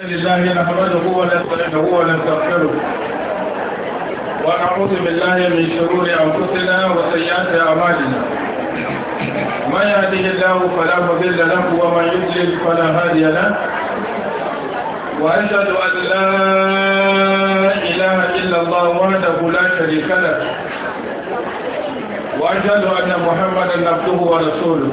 لله نحمده ونستعينه ونستغفره ونعوذ بالله من شرور انفسنا وسيئات اعمالنا من يهده الله فلا مضل له ومن يضلل فلا هادي له واشهد ان لا اله الا الله وحده لا شريك له واشهد ان محمدا عبده ورسوله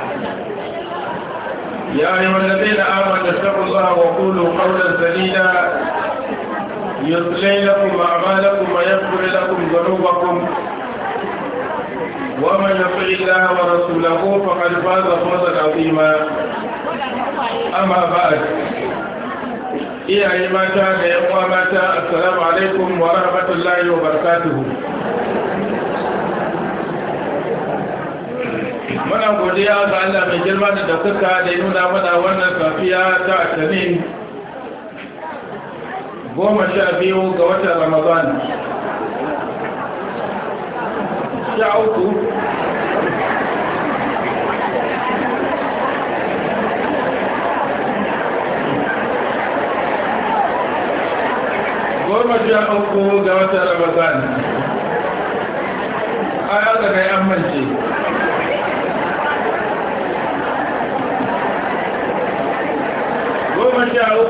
يا أيها الذين آمنوا اتقوا الله وقولوا قولا سديدا يصلي لكم أعمالكم ويغفر لكم ذنوبكم ومن يطع الله ورسوله فقد فاز فوزا عظيما أما بعد يا أيها الذين آمنوا السلام عليكم ورحمة الله وبركاته muna godiya ga Allah mai girma da daukaka da nuna mana wannan safiya ta Atanin goma sha biyu ga watan Ramadan sha uku goma sha uku ga watan Ramadan a yau da kai amince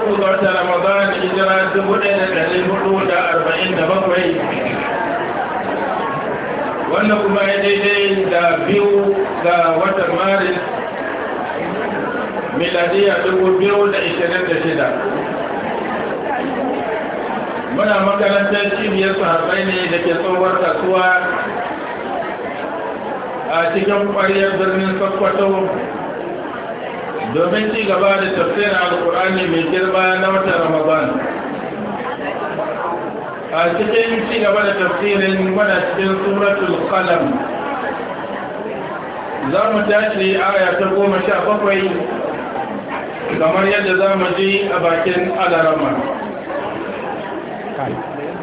uku ga wata ramadan hijira dubu ɗaya da ɗari hudu da arba'in da bakwai Wannan kuma ya daidai da biyu ga watan maris miladiya dubu biyu da ishirin da shida muna makarantar cibiyar su sahabai ne da ke tsohuwar kasuwa a cikin kwariyar birnin sokoto domin ci gaba da tafsirin alkur'ani mai girma na wata ramadan a cikin ci gaba da tafsirin wana cikin suratul qalam za mu tashi aya ta goma sha bakwai kamar yadda za mu ji a bakin alarama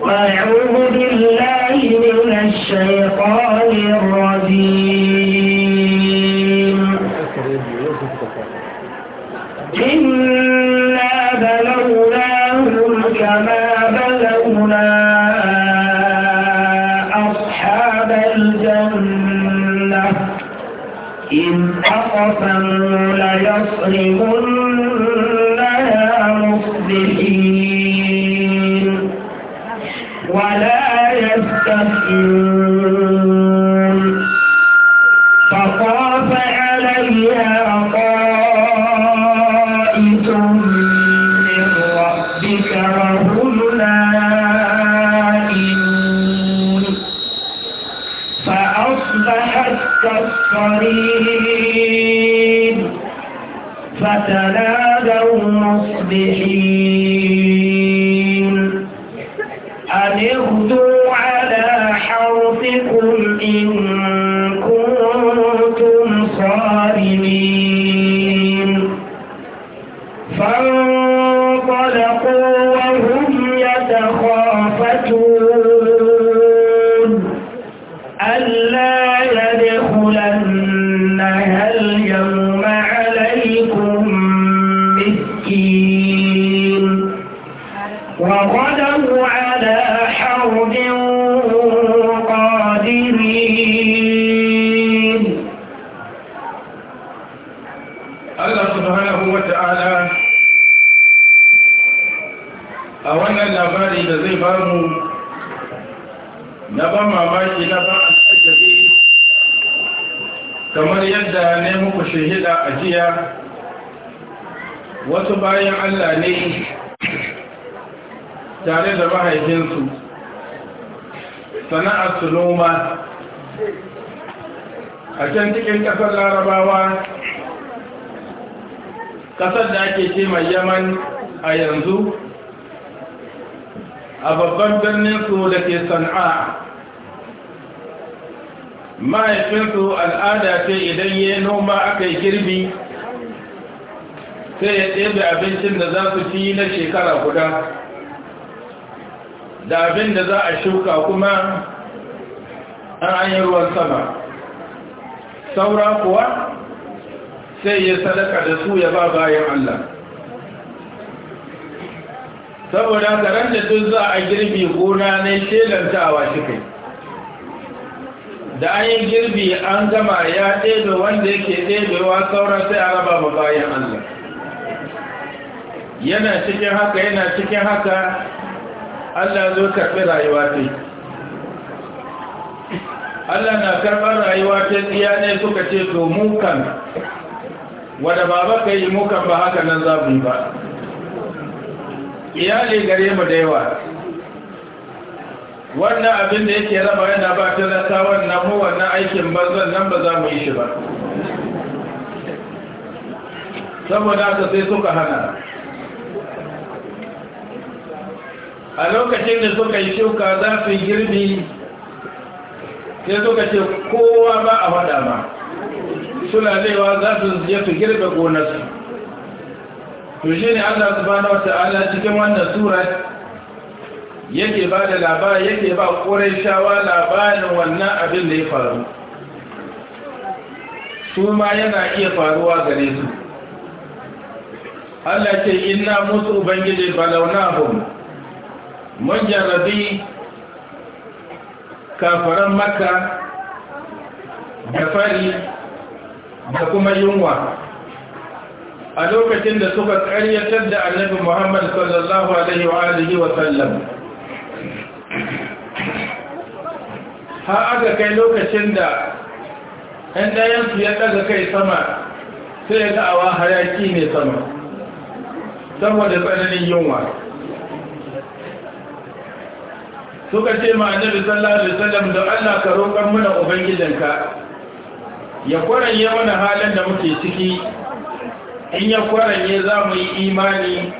أعوذ بالله من الشيطان الرجيم إنا بلوناهم كما بلونا أصحاب الجنة إن أقسموا ليصرمنها مصبحين ولا يستثنون حميم فتنادوا مصبحين ce mai yaman a yanzu a babban birninsu da ke sana'a mahaifinsu al'ada ce idan ya noma aka yi girbi sai ya ɗebe abincin da za su fi na shekara guda da abin da za a shuka kuma an an ruwan sama saura kuwa sai ya sadaka da su ya ba bayan Allah saboda karan da duk za a girbi gona ne shelantawa shi kai da an yi girbi an gama ya ɗebe wanda yake ɗebewa sauran sai a raba ba bayan allah yana cikin haka yana cikin haka allah zo karɓi rayuwa ta allah na karɓar rayuwa ta tsiya ne suka ce to mukan wadda ba ka yi mukan ba haka nan za mu yi ba iyali gare mu da yawa wannan abin da yake raba yana ba ta rasa wannan mu wannan aikin banzan nan ba za mu yi shi ba saboda haka sai suka hana a lokacin da suka yi shuka za su yi girbi sai suka ce kowa ba a faɗa ma suna za su je su girbe gonarsu to shi ne Allah subhanahu wa ta'ala cikin wannan sura yake ba da labari yake ba shawa labarin wannan abin da ya faru su ma yana iya faruwa gare su Allah ce inna musu ubangiji balaunahum mun jarabi kafaran makka da fari da kuma yunwa a lokacin da suka karyatar da annabi Muhammad sallallahu alaihi wa alihi wa sallam ha aka kai lokacin da ɗan ɗayansu ya ɗaga kai sama sai ga awa hayaki ne sama saboda tsananin yunwa suka ce ma annabi sallallahu alaihi Sallam da Allah ka roƙar mana ubangijinka ya kwaranye mana halin da muke ciki in ya kwaranye za mu yi imani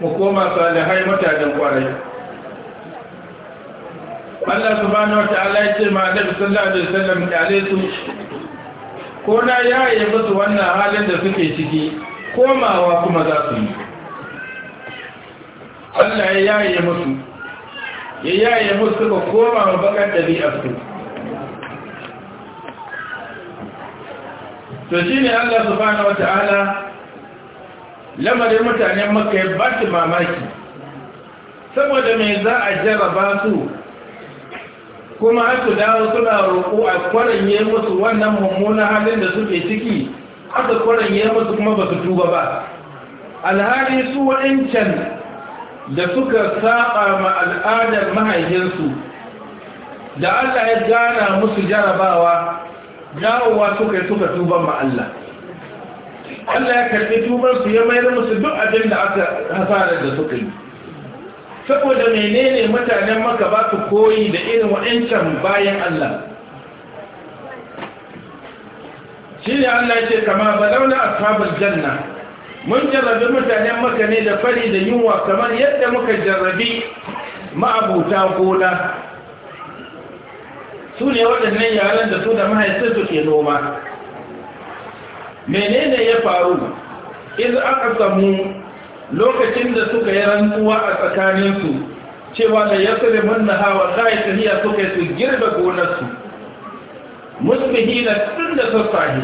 mu koma salihai mutanen kwarai Allah subhanahu wata'ala ya ce ma annabi sallallahu alaihi wasallam da alaisu ko na yi musu wannan halin da suke ciki komawa kuma za su yi Allah ya yaye musu ya yaye musu ba bakan wa a su. to shi ne Allah subhanahu wata'ala lamarin mutanen maka ya ba su mamaki saboda mai za a jaraba su kuma su dawo suna roƙo a kwaranye musu wannan mummunan halin da suke ciki aka yi musu kuma ba su tuba ba alhari su wa'incan da suka saba ma al'adar mahaifinsu da Allah ya gana musu jarabawa dawowa suka yi suka tuban ma Allah Allah ya karɓi su ya mayar musu duk abin da aka hasarar da suka yi saboda menene mutanen maka ba su koyi da irin wa'ancan bayan Allah shi ne Allah ce kama ba launa ashabar janna mun jarrabi mutanen maka ne da fari da yunwa kamar yadda muka jarrabi ma'abuta gona su ne waɗannan yaran da su da mahaifinsu ke noma menene ya faru idan aka samu lokacin da suka yi rantsuwa a tsakaninsu cewa da ya tsere manna hawa yi tafiya suka yi su girbe gonarsu musbihina tun da sassahe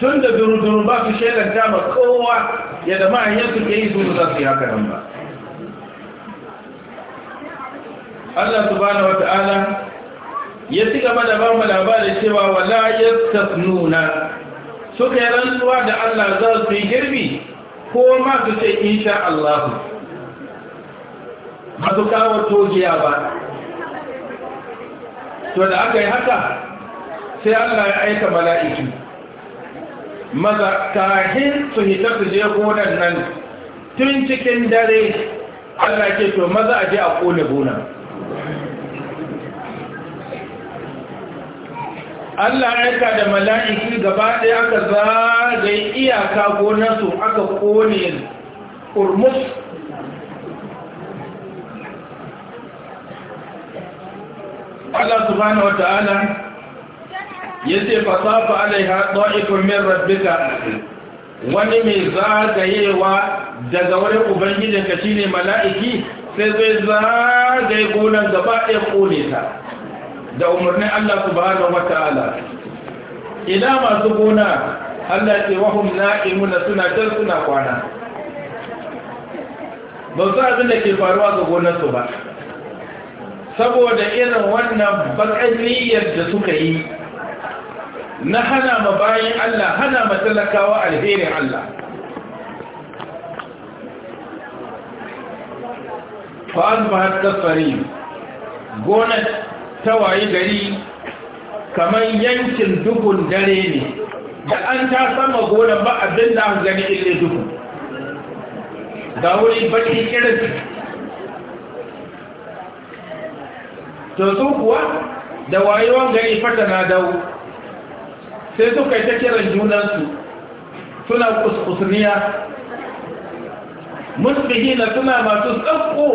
tun da duruduru ba su shaidanta ma kowa ya da ma'ayyarsu ke yi su za su yi haka nan ba Allah subhanahu wata'ala ya ci gaba da ba mu labarin cewa wala nuna? suka yi rantsuwa da Allah za su yi girbi ko ma su ce insha Allah ba su kawo togiya ba to da aka yi haka sai Allah ya aika mala'iki maza kahin su hita su je gonan nan tun cikin dare Allah ke to maza a je a kone gonan Allah aika da mala'iki gaba aka zagaye iyaka su aka kone ƙurmus Allah subhanahu wa ta'ala ya ce fasafa alaiha ɗa'ikun min rabbika wani mai zagayewa daga wani ubangijinka ne mala'iki sai zai zagaye gonar gaba ɗaya kone ta da umarnin Allah subhanahu wataala ina masu gona Allah ce wahum na'imuna suna can suna kwana ba su abin da ke faruwa ga gonarsu ba saboda irin wannan bakaniyar da suka yi na hana ma bayan Allah hana ma talakawa alherin Allah fa'ad ba har gonar ta waye gari kamar yankin duhun dare ne da an ta sama gonan ba abin da an gani ille duhu ga wuri baki irin. to su kuwa da wayewan gari fata na dau. sai suka ta kiran junansu suna kuskusniya musbihina suna masu tsakko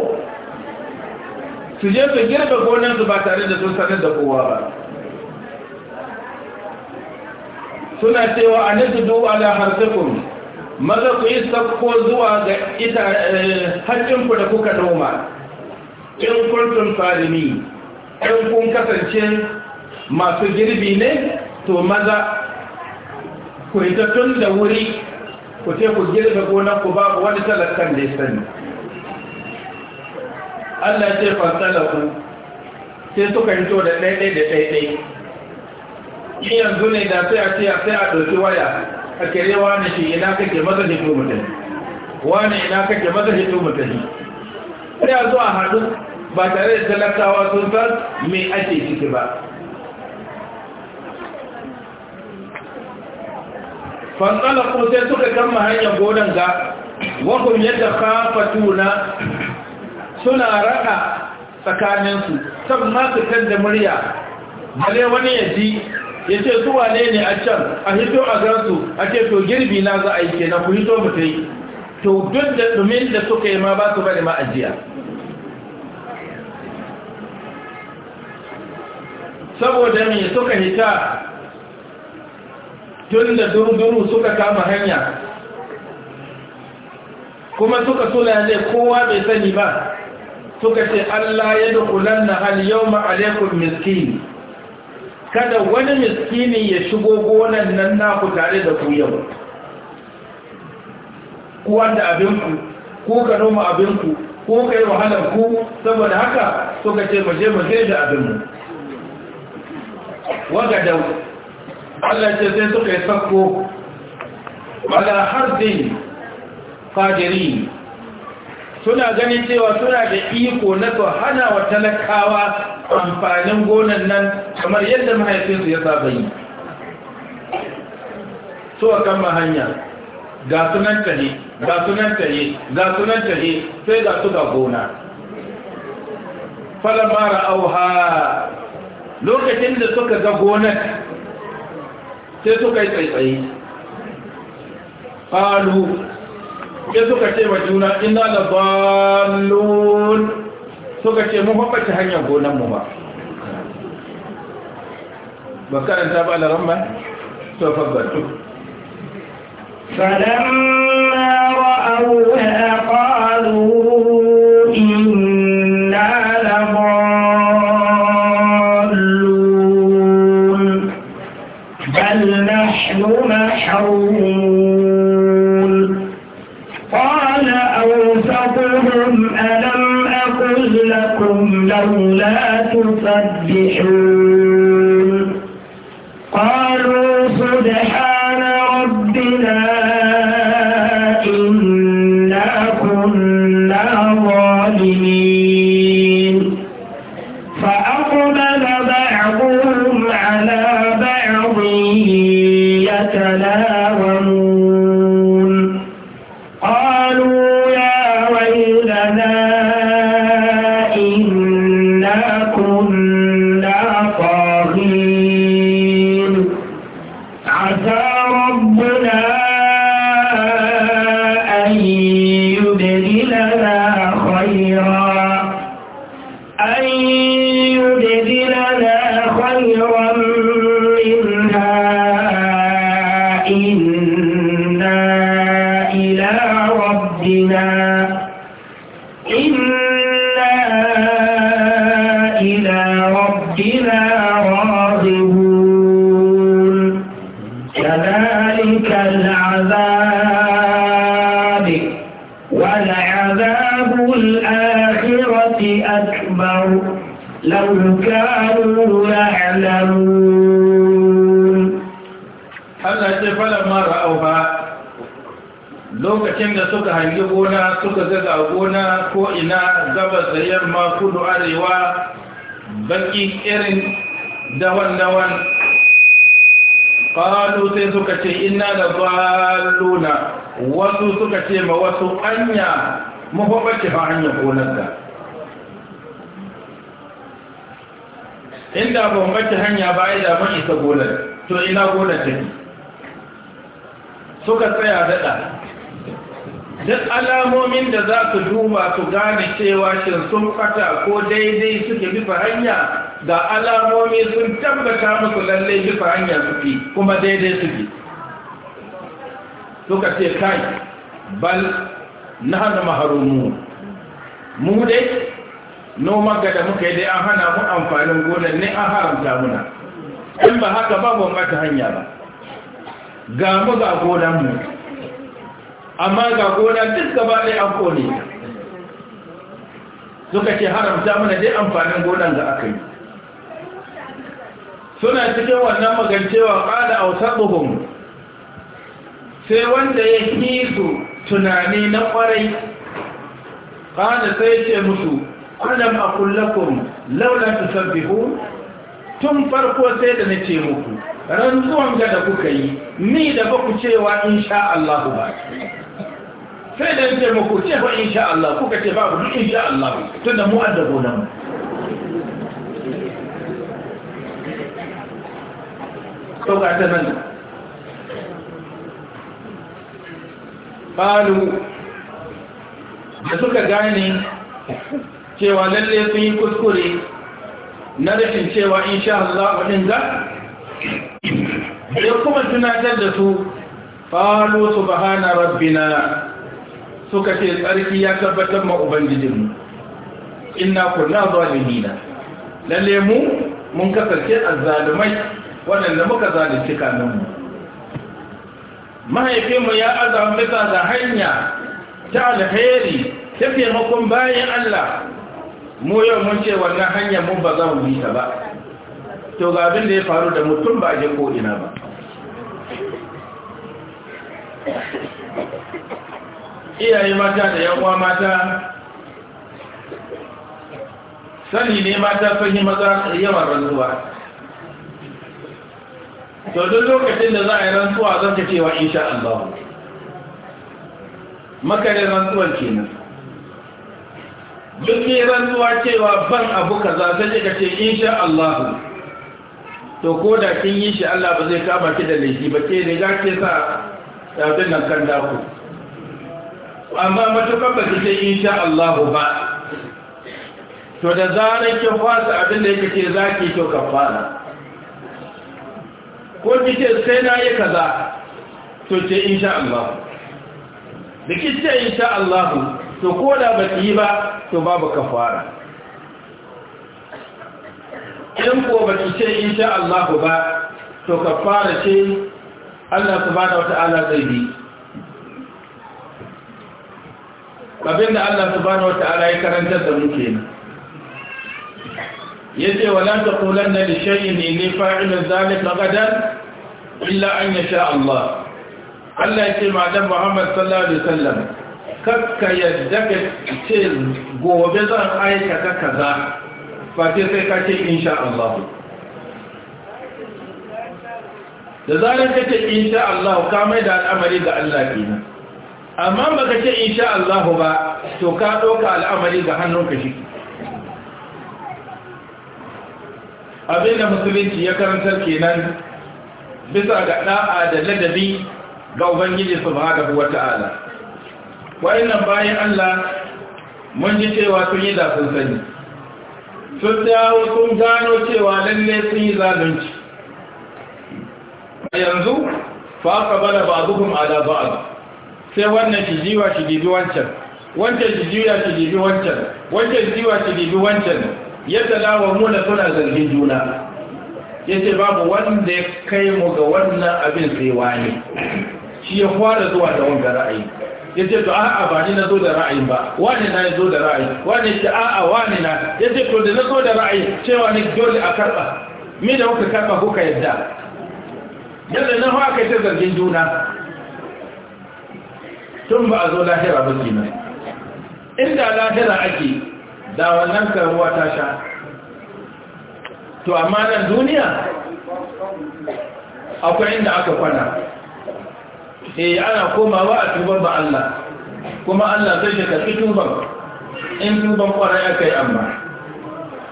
su je su girbe gonansu ba tare da sun sanar da kowa ba suna cewa a su duwa da harsukun maza ku yi sakko zuwa ga ita eh, haƙƙinku da kuka noma in kuntun falimi in kun kasance masu girbi ne to maza ku yi ta tun da wuri ku ce ku girbe ku babu wani talakkan da ya sani Allah ce fasalahu sai suka hito da ɗaiɗai da ɗaiɗai Yin yanzu ne da sai a ce a sai a ɗauki waya a kere wani shi ina kake maza hito mutane wani ina kake maza hito mutane sai a zo a haɗu ba tare da talakawa sun san me ake ciki ba fasalahu sai suka kama hanyar godon ga wakon yadda kafa tuna suna raka tsakaninsu sab ma su kan da murya bale wani ya ji ya ce zuwa ne ne a can a hito a gansu a ce to girbi na za a yi kenan ku hito mu ta yi to duk da domin da suka yi ma ba su bari ma ajiya saboda me suka hita tun da durduru suka kama hanya kuma suka suna ne kowa bai sani ba suka ce Allah ya kula na aliyau yawma miskini kada wani miskini ya shigo gonan nan naku tare da ku yau ku wanda abinku ku ka noma abinku ku ka yi wahalar ku saboda haka suka ce maje maje da abinmu waga da Allah ce sai suka yi sakko bala din. qadirin suna ganin cewa suna da iko na to hana wa talakawa amfanin gonan nan kamar yadda mahaifinsu ya saba yi so a kan mahanya ga sunan tare ga sunan tare ga sunan tare sai ga su ga gona falamara auha lokacin da suka ga gonar sai suka yi tsaitsayi Falu. sai suka ce wa juna ina da zallon suka ce mu babbace hanyar gonanmu ba ba karanta ba alaran ba to fabbatu فلما رأوها قالوا إنا لضالون بل نحن محرومون يسبحون ce ma wasu anya mafaɓace fa hanyar gonarka inda ba mace hanya ba ya damar isa gonar to ina gonar take suka tsaya daɗa duk alamomin da za su duba su gane cewa shin sun fata ko daidai suke bifa hanya da alamomi sun tabbata musu lallai bifa hanya suke kuma daidai suke suka ce kai bal nahnu mahrumun mu dai noman ga da muka yi dai an hana mu amfanin gonar ne an haramta muna in ba haka ba mu bata hanya ba ga mu ga gonar mu amma ga gonar duk gaba ɗaya an kone suka ce haramta muna dai amfanin gonar ga aka yi suna cikin wannan magancewa ƙada autar bugun sai wanda ya hizo tunani na kwarai ƙada sai ce musu alam a kullakun laulan tusabbihu tun farko sai da na ce muku rantsuwan ga da kuka yi ni da ba ku cewa insha Allah ba sai da ce muku ce ba insha Allah kuka ce ba ku insha Allah tun da mu addabo nan to ga ta nan balu da suka gane cewa lalle sun yi kuskure na rashin cewa insha Allah waɗin za ya kuma tunatar da su Falu su bahana rabbina suka ce tsarki ya tabbatar ma ubangijinmu inna zuwa zalimina lalle mu mun kasance a azzalumai waɗanda muka zalunci mu. mahaifinmu ya azama bisa da hanya ta alheri ta taimakon bayan Allah mu yau mun ce wannan hanya mun ba za mu bi ta ba to ga abin da ya faru da mutum ba a je ko ina ba iyaye mata da uwa mata sani ne mata sun yi maza yawan rantsuwa to duk lokacin da za a yi rantsuwa zan ta cewa sha Allah makarin rantsuwar kenan duk ne rantsuwa cewa ban abu kaza zan ka ce sha Allah to ko da kin yi shi Allah ba zai kama ki da laifi ba ke riga ke sa tafin nan kan daku amma matukar ba ki ce sha Allah ba to da zarar ki fasa abin da yake ce zaki to fara ko ki ce sai na yi kaza to ce insha Allah da ki ce insha Allah to ko da ba ki yi ba to babu ka fara, idan ko ba ki ce insha Allah ba to ka fara ce Allah subhanahu wata'ala zai bi abinda Allah subhanahu wata'ala ya karantar da muke kenan Ya yace wala taqulanna li shay'in inni fa'ilu zalika gadan illa an ya sha Allah Allah ya ce madan Muhammad sallallahu alaihi wasallam kakka yadda ka ce gobe zan aikata kaza Fati sai ka ce insha Allah da zarar ka ce insha Allah ka mai da al'amari ga Allah kenan amma baka ce insha Allah ba to ka ɗauka al'amari ga hannunka shi abinda musulunci ya karantar kenan bisa ga da'a da ladabi ga ubangiji subhanahu wata'ala wayannan bayan Allah mun ji cewa sun yi da sun sani sun dawo sun gano cewa lalle sun yi zalunci a yanzu fa ka bada ba zuhun ala ba'ad sai wannan shi jiwa shi dibi wancan wancan shi jiwa shi dibi wancan wancan shi jiwa shi dibi wancan yadda lawa muna suna zargin juna ya ce babu wanda ya kai mu ga wannan abin sai wani shi ya fara zuwa da wanda ra'ayi ya ce to a'a ba ni na zo da ra'ayi ba wani na ya zo da ra'ayi wani ce a'a wani na ya ce to da na zo da ra'ayi cewa ni dole a karɓa Mi da kuka karɓa kuka yadda yadda na hawa kai ta zargin juna tun ba a zo lahira ba kenan inda lahira ake da wannan karuwa ta sha to amma nan duniya akwai inda aka kwana eh ana komawa a tuban ba Allah kuma Allah zai ta tafi tuban in tuban kwarai aka yi amma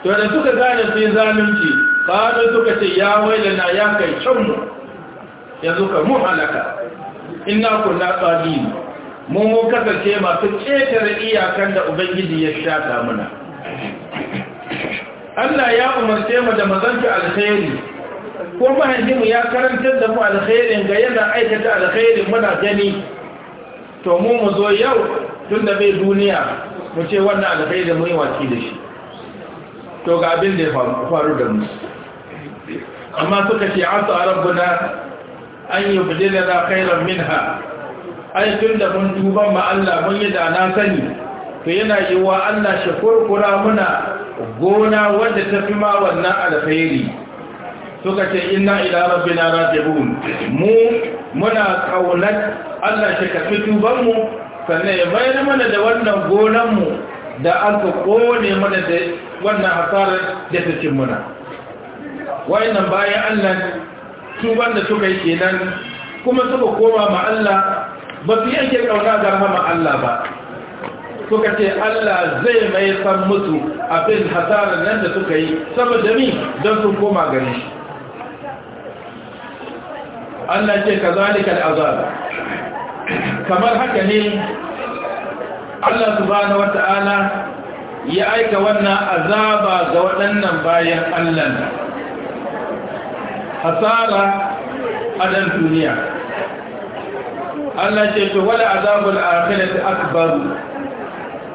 to da suka gane sai zalunci kano suka ce ya na ya kai can yanzu ka mu halaka ina kunna tsadini mun kasance masu ƙetare iyakan da ubangiji ya shata muna Allah ya umarce mu da mazanta alkhairi ko mu ya karantar da mu alkhairin ga yana aikata alkhairin muna gani to mu mu zo yau tun da bai duniya mu ce wannan alkhairin mu yi waki da shi to ga abin da ya faru da mu amma suka ce asa rabbuna an yi bidilana khairan minha ai tun da mun duban ma Allah mun yi da na sani to yana yiwa Allah shi kurkura muna gona wanda ta fi ma wannan alfairi suka ce inna ila rabbina raji'un mu muna kaunar Allah shi ka fitu ban mu sannan ya bayar mana da wannan gonan mu da aka kone mana da wannan hasarar da ta cin muna wayannan bayan Allah tuban da suka yi kenan kuma suka koma ma Allah ba su yanke ƙauna ga rahama Allah ba suka ce Allah zai mai san musu abin hasarar nan da suka yi saboda ni don sun koma gani Allah ce ka zalika al'azab kamar haka ne Allah subhanahu wata'ala ya aika wannan azaba ga waɗannan bayan Allah hasara a ɗan duniya Allah ce to wala azabul akhirati akbar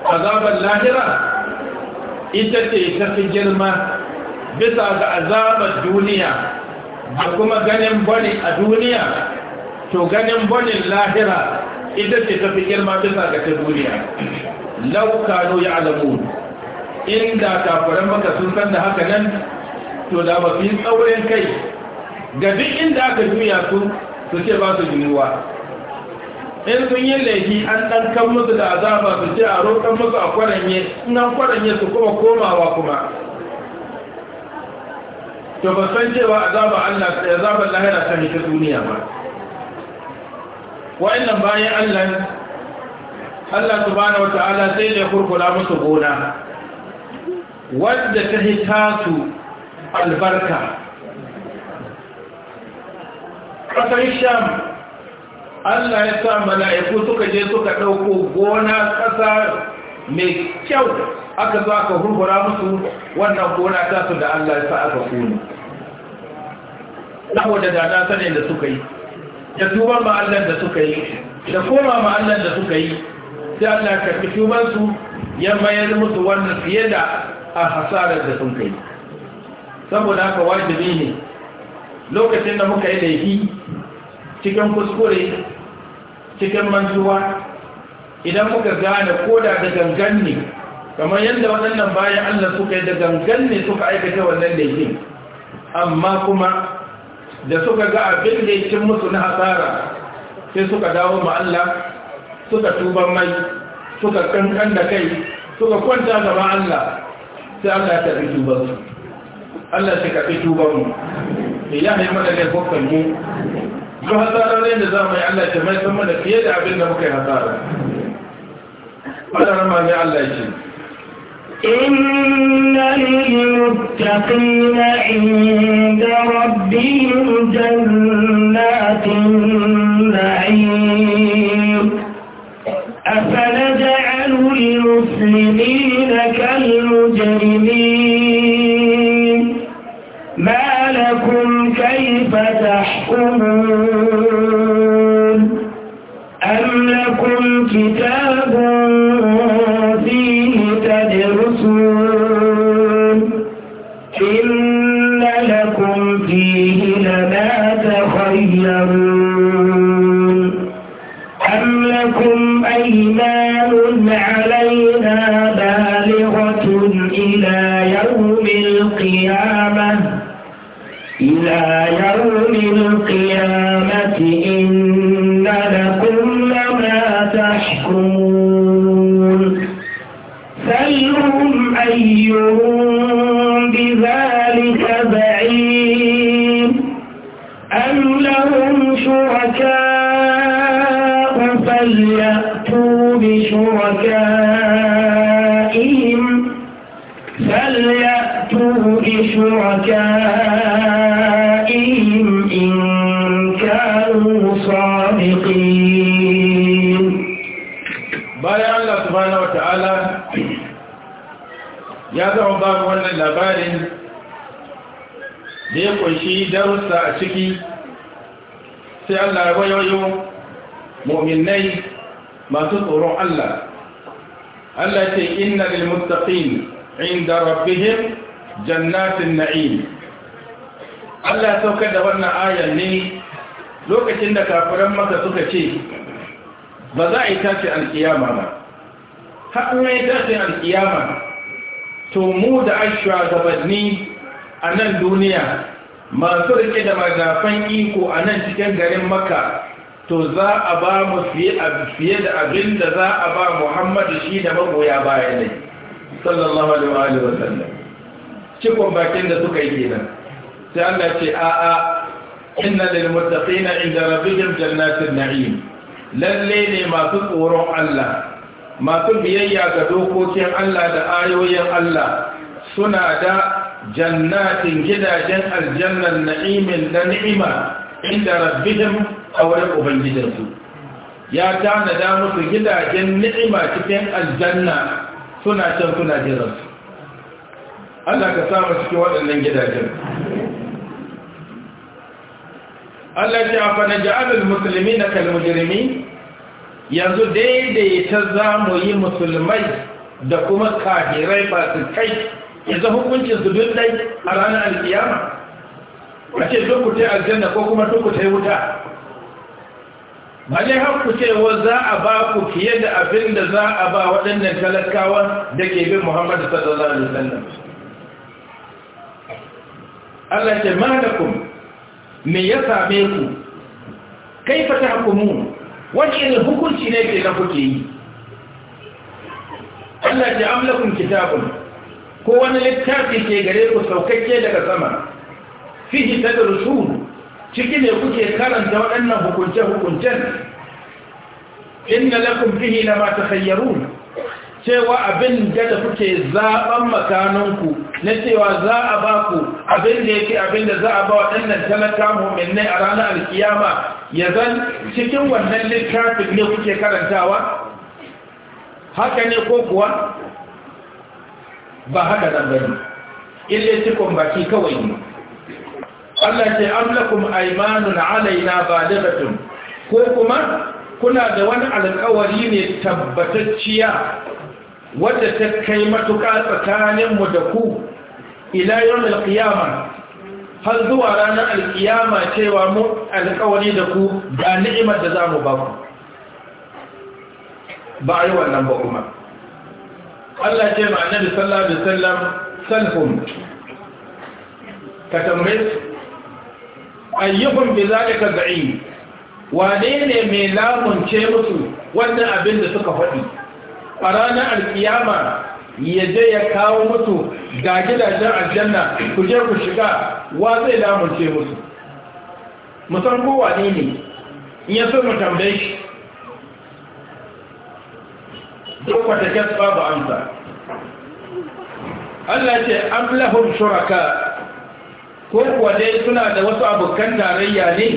azabul lahira ita ce ta fi girma bisa ga azabar duniya da kuma ganin bani a duniya to ganin bane lahira ita ce ta fi girma bisa ga ta duniya no ya alamu inda kafaran maka sun san da haka nan to da ba fi tsaurin kai ga duk inda aka juya su su ce ba su jinuwa in sun yi laifi an ɗan kan musu da azaba su ce a roƙon musu a kwaranye in an kwaranye su kuma komawa kuma to ba san cewa azaba Allah ya azaban lahira ta hita duniya ba wa'annan bayan Allah Allah subhanahu ta'ala sai da kurkula musu gona wadda ta hita su albarka ƙasar sham Allah ya sa mala'iku suka je suka ɗauko gona ƙasa mai kyau aka zo aka hurhura musu wannan gona ta su da Allah ya sa aka kuni saboda da na sanin da suka yi da tuban ma'allan da suka yi da koma ma'allan da suka yi sai Allah ka karɓi tubansu ya mayar musu wannan fiye da a hasarar da sun kai saboda haka wajibi ne lokacin da muka yi laifi cikin kuskure cikin mantuwa idan muka gane ko da da gangan ne kamar yadda waɗannan bayan Allah suka yi da gangan ne suka aikata wannan laifin amma kuma da suka ga abin da yake musu na hasara sai suka dawo ma Allah suka tuba mai suka kankan da kai suka kwanta gaba Allah sai Allah ta fi tubar su Allah shi ka fi tubar mu ya yi ne laifukan mu جهتارا لين نظام يعلق ما يسمى لك يدع بلنا مكي هتارا ما يعلق شيء إن المتقين عند ربهم جنات النعيم أفنجعل المسلمين كالمجرمين ما لكم كيف تحكمون أم لكم كتاب Baya Allah الله ya zama babu wannan باب ولا da ya kunshi darussa a ciki sai Allah ya wayoyo mu'minai masu tsoron Allah Allah ce inna lil muttaqin inda rabbihim jannatin na'im Allah ya saukar da wannan ayar ne lokacin da kafiran maka suka ce ba za a yi tashi alkiyama ba haɗin yi tashi alkiyama to mu da ashuwa gabanni a nan duniya masu rike da magafan iko a nan cikin garin maka to za a ba mu fiye da abin da za a ba muhammadu shi da magoya baya ne sallallahu alaihi wa sallam cikon bakin da suka yi kenan sai Allah ce a'a إن للمتقين عند ربهم جنات النعيم للي ما تقولون الله ما تبيي دوكوك الله دا آيوي الله سنا دا جنات جدا جن الجنة النعيم لنعمة عند ربهم أو ربهم جدنسو يا كان دامس جدا جن نعمة تكين الجنة سنا جن سنا جرس الله كسامس كوالا لنجدا جن Allah ce a fana ja'alul musulmi na kalmujirmi yanzu daidaita za mu yi musulmai da kuma kahirai ba su kai yanzu hukuncin su duk dai a ranar alkiyama a ce duk kuce aljanna ko kuma duk kuce wuta bane har cewa za a ba ku fiye da abin da za a ba waɗannan talakawa da ke bin muhammadu sallallahu alaihi wasallam Allah ce ma da kuma me ya same ku kai fata hukumu wani irin hukunci ne ke da kuke yi Allah ya amlakun kitabun ko wani littafi ke gare ku saukakke daga sama fihi tadrusun ciki ne kuke karanta waɗannan hukunce-hukuncen inna lakum fihi lama takhayyarun cewa abin da kuke zaban ku na cewa za a ba ku abin da yake abin da za a ba waɗannan talaka mummunai a ranar alkiyama ya zan cikin wannan littafin ne kuke karantawa haka ne ko kuwa ba haka nan ille cikon baki kawai ne Allah ce amlakum aymanun alaina baligatun ko kuma kuna da wani alkawari ne tabbatacciya wadda ta kai matuƙa tsakaninmu da ku ila yawon alkiyama har zuwa ranar alkiyama cewa mu alkawari da ku da ni'imar da za mu ba ku ba a yi wannan ba kuma Allah ce ma annabi sallallahu alaihi wasallam salhum ka tambaye ayyukum bi zalika da'i wane ne mai lamunce musu wannan abin da suka faɗi a ranar alkiyama ya je ya kawo mutu ga gidajen aljanna ku je ku shiga wa zai lamunce musu musan kowa ne ne in ya so mu tambaye shi duk wata kyas babu amsa Allah ce am shuraka ko kuwa dai suna da wasu abokan tarayya ne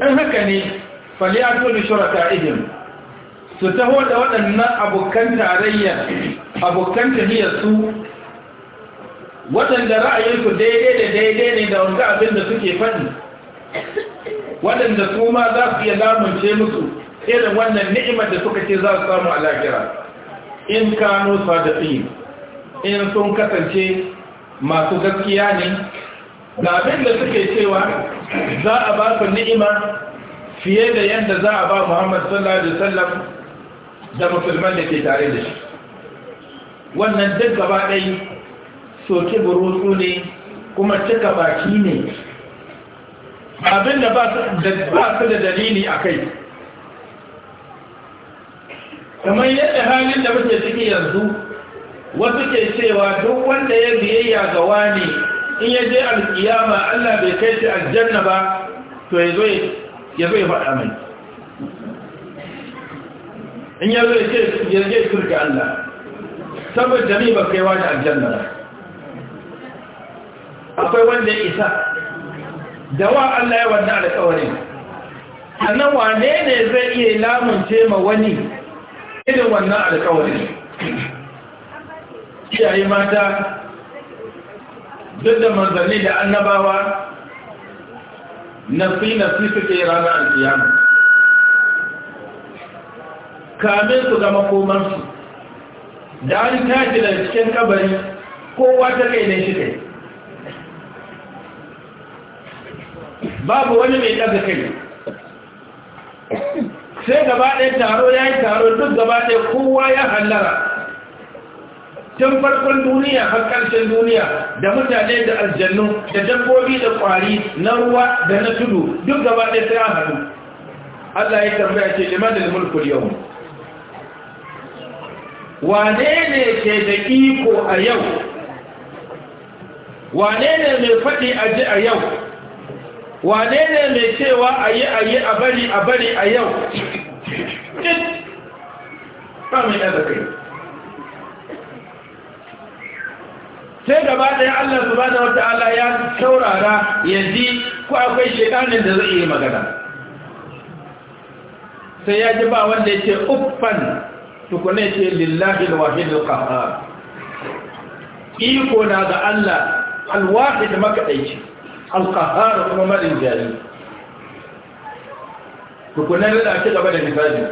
dan haka ne falyatu li shuraka idin su taho da waɗannan abokan tarayya abokan su waɗanda ra'ayinsu daidai da daidai ne da wanda abin da suke faɗi waɗanda su ma za su iya lamunce musu irin wannan ni'imar da suka ce za su samu a in kano sadafi in sun kasance masu gaskiya ne da abin da suke cewa za a ba su ni'ima fiye da yadda za a ba muhammad sallallahu alaihi wasallam da musulman da ke tare da shi wannan duk gaba ɗai soke burutsu ne kuma cika baki ne abinda ba su da dalili a kai kamar yadda halin da muke ciki yanzu wasu ke cewa duk wanda ya biyayya ga wani in ya je alkiyama Allah bai kai shi aljanna ba to ya zo ya faɗa mai in ya zo ya ce ya je turki Allah saboda ni ba kaiwa da aljanna ba akwai wanda ya isa da wa Allah ya wanda alƙawarin sannan wane ne zai iya lamunce ma wani irin wannan alƙawarin iyaye mata duk da manzanni da annabawa na fi suke ranar alkiyama kamin su ga komansu da an tashi da cikin kabari kowa ta kai ne shi kai babu wani mai daga kai sai gaba ɗaya taro ya yi taro duk gaba ɗaya kowa ya hallara tun farkon duniya har ƙarshen duniya da mutane da aljannu da dabbobi da ƙwari na ruwa da na tudu duk gaba ɗaya sai a hannu Allah ya tambaya ce liman da mulkul yau wane ne ke da iko a yau wane ne mai faɗi a ji a yau wane ne mai cewa a yi a yi a bari a bari a yau duk ba sai gaba ɗaya Allah subhanahu ya saurara ya ji ko akwai shekarun da zai yi magana sai ya ji ba wanda ya ce uffan tukuna ce lillahi alwahid alqahar iko na ga Allah alwahid makadaici alqahar kuma marin jari tukuna da ake gaba da misali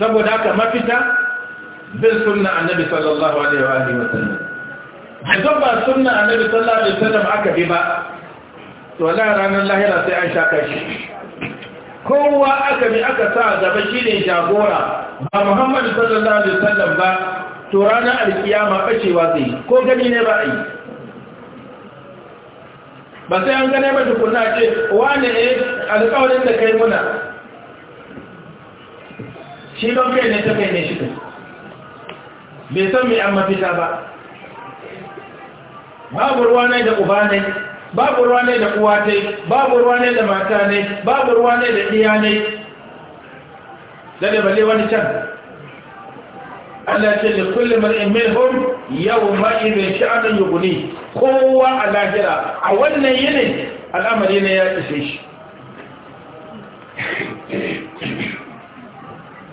saboda haka mafita bin sunna annabi sallallahu alaihi wa alihi wa sallam idan ba sunna annabi sallallahu alaihi wa sallam aka bi ba to la ranar lahira sai an shaka shi kowa aka bi aka sa gaba ne jagora ba muhammadu sallallahu alaihi wasallam ba to ranar alkiyama bacewa zai ko gani ne ba a yi ba sai an gane ba tukuna ce wane ne eh, alƙawarin da kai muna shi don kai ne ta kai ne shi bai san mai an mafita ba babu ruwa ne da uba ne babu ruwa ne da uwa ta babu ruwa ne da mata ne babu ruwa ne da iya ne da balle wani can Allah ce da kullum mar'in minhum yau ma'i zai sha'anin yuguni kowa a lahira a wannan yinin al'amari ne ya ishe shi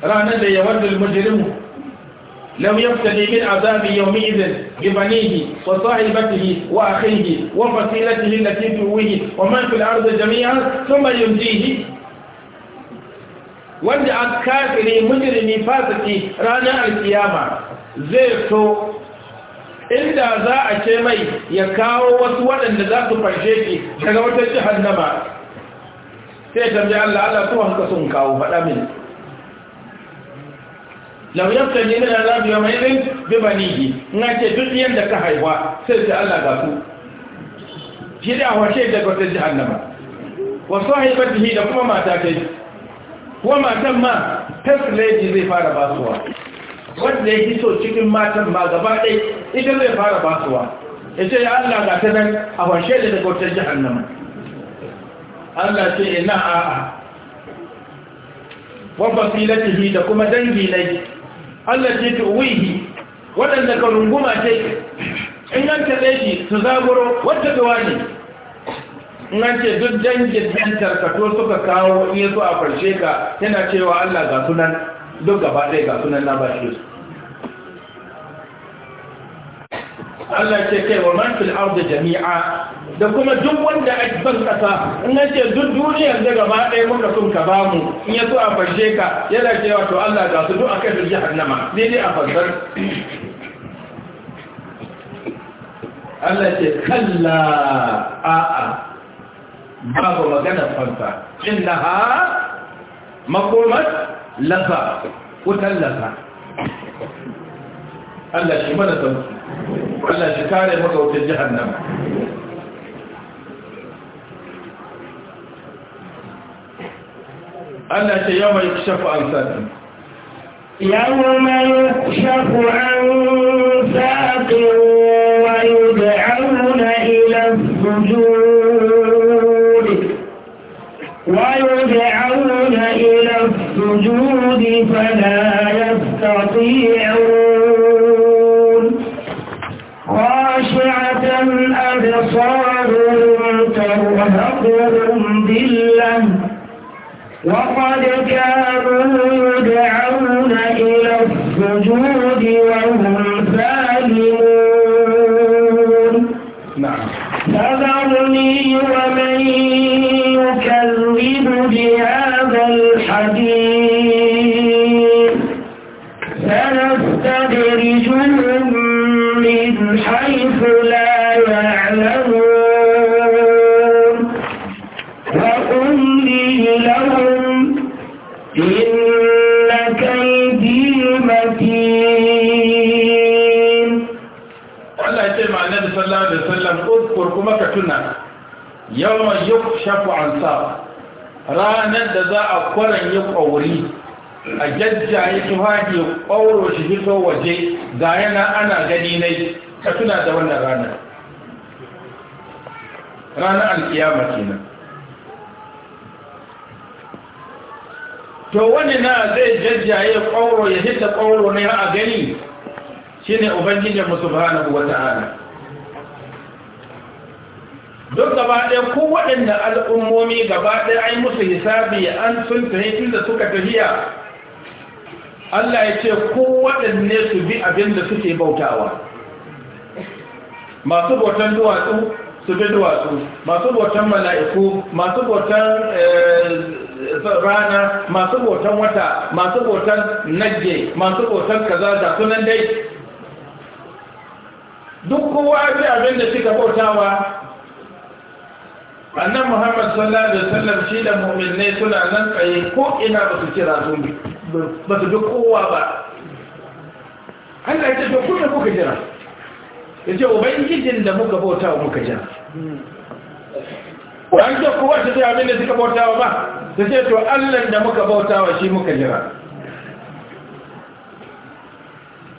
ranar da yawar da لم يبتدي من عذاب يومئذ ببنيه وصاحبته وأخيه وفصيلته التي تؤويه ومن في الأرض جميعا ثم ينجيه وانجع الكافر مجرم فاسك رانا القيامة زيرتو إلدا زاء شيمي يكاو وسوال أن ذات فرشيكي كذا وتجح النبا سيجم جعل الله على طوح كسون كاو فالأمين lau yabta ne na rabi ya mai rin bibanihi na ce duk yadda ka haihuwa sai ta Allah ga su shi da wace daga ji jihannama wasu haifatihi da kuma mata kai kuma matan ma first lady zai fara basuwa wanda ya so cikin matan ma gaba ɗai ita zai fara basuwa ya ce ya Allah ga ta nan a washe da daga ji jihannama Allah ce ina a'a wabba filatihi da kuma dangi nai Allah ce ta wuyi waɗanda ka runguma ce in an taɓe shi su zagoro, wata gawa ne in an ce duk dangin ka to suka kawo iya zuwa a farshe ka yana cewa Allah ga sunan duk gaba ɗaya ga sunan na bashi su Allah ce kai wa man fil jami'a da kuma duk wanda a ban kasa in na ce duk duniyar da gaba ɗaya muka sun ka ba mu in ya so a fashe ka yana cewa to Allah ga su duk a hannama, jahannama daidai a fasar Allah ce kalla a'a babu magana fansa inna ha makomat lasa wutan lasa Allah shi mana sauki Allah shi kare maka wutan jahannama أن يوم يكشف عن ساق يوم يكشف عن ساقه ويدعون إلى السجود ويدعون إلى السجود فلا يستطيعون 我花掉全部。yukshafu an ranar da za a kwaran yi ƙwauri a jajjaye tuhaji ƙwauro shi hito waje ga yana ana gani nai ka tuna da wannan ranar ranar alkiyama kenan to wani na zai jajjaye ƙwauro ya hita ƙwauro ne a gani ne ubangijinmu subhanahu wata ta'ala duk gaba ɗaya ko waɗanda al'ummomi gaba ɗaya ai musu hisabi an sun tun da suka tafiya Allah ya ce ko waɗanne su bi abin da suke bautawa masu bautan duwatsu su bi duwatsu masu bautan mala'iku masu bautan eh, rana masu bautan wata masu bautan nage masu bautan kaza da sunan dai duk kowa bi abin da suka bautawa annan muhammad sallallahu alaihi wasallam shi da mu'minai suna nan tsaye ko ina ba su kira su ba su bi kowa ba Allah ya ce to kuma kuka jira ya ce ubangijin da muka bauta wa muka jira an ce kowa ta ce abin da suka bauta wa ba ta ce to Allah da muka bauta wa shi muka jira